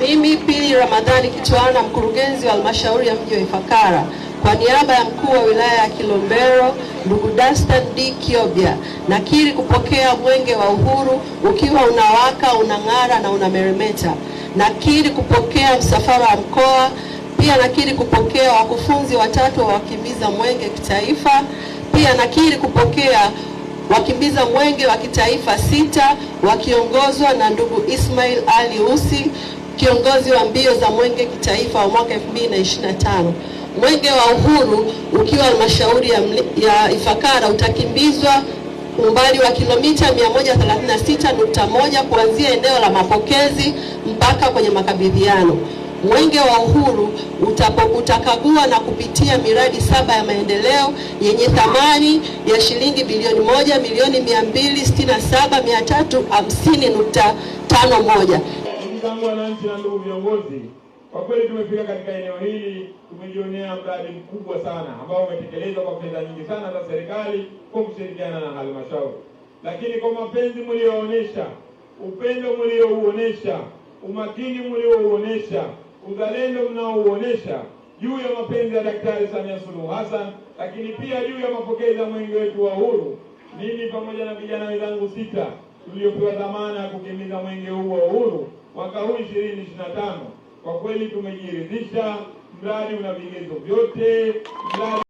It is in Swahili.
Mimi Pili Ramadhani Kitwana, mkurugenzi wa halmashauri ya mji wa Ifakara, kwa niaba ya mkuu wa wilaya ya Kilombero ndugu Dastan D Kiobia, nakiri kupokea mwenge wa uhuru ukiwa unawaka, unang'ara na unameremeta. Nakiri kupokea msafara wa mkoa. Pia nakiri kupokea wakufunzi watatu wa wakimbiza mwenge kitaifa. Pia nakiri kupokea wakimbiza mwenge wa kitaifa sita wakiongozwa na ndugu Ismail Ali Usi kiongozi wa mbio za mwenge kitaifa wa mwaka 2025. Mwenge wa Uhuru ukiwa halmashauri ya, ya Ifakara utakimbizwa umbali wa kilomita 136.1 kuanzia eneo la mapokezi mpaka kwenye makabidhiano. Mwenge wa Uhuru utapo, utakagua na kupitia miradi saba ya maendeleo yenye thamani ya shilingi bilioni moja milioni mia moja Ndugu zangu wananchi na ndugu viongozi, kwa kweli tumefika katika eneo hili, tumejionea mradi mkubwa sana ambao umetekelezwa kwa fedha nyingi sana za serikali kwa kushirikiana na halmashauri, lakini kwa mapenzi mliyoonesha, upendo mliouonesha, umakini mliouonesha, uzalendo mnaouonesha juu ya mapenzi ya Daktari Samia Suluhu Hassan, lakini pia juu ya mapokezi ya mwenge wetu wa uhuru, mimi pamoja na vijana wenzangu sita tuliopewa dhamana ya kukimbiza mwenge huu wa uhuru mwaka huu ishirini ishirini na tano. Kwa kweli tumejiridhisha, mradi una vigezo vyote mradi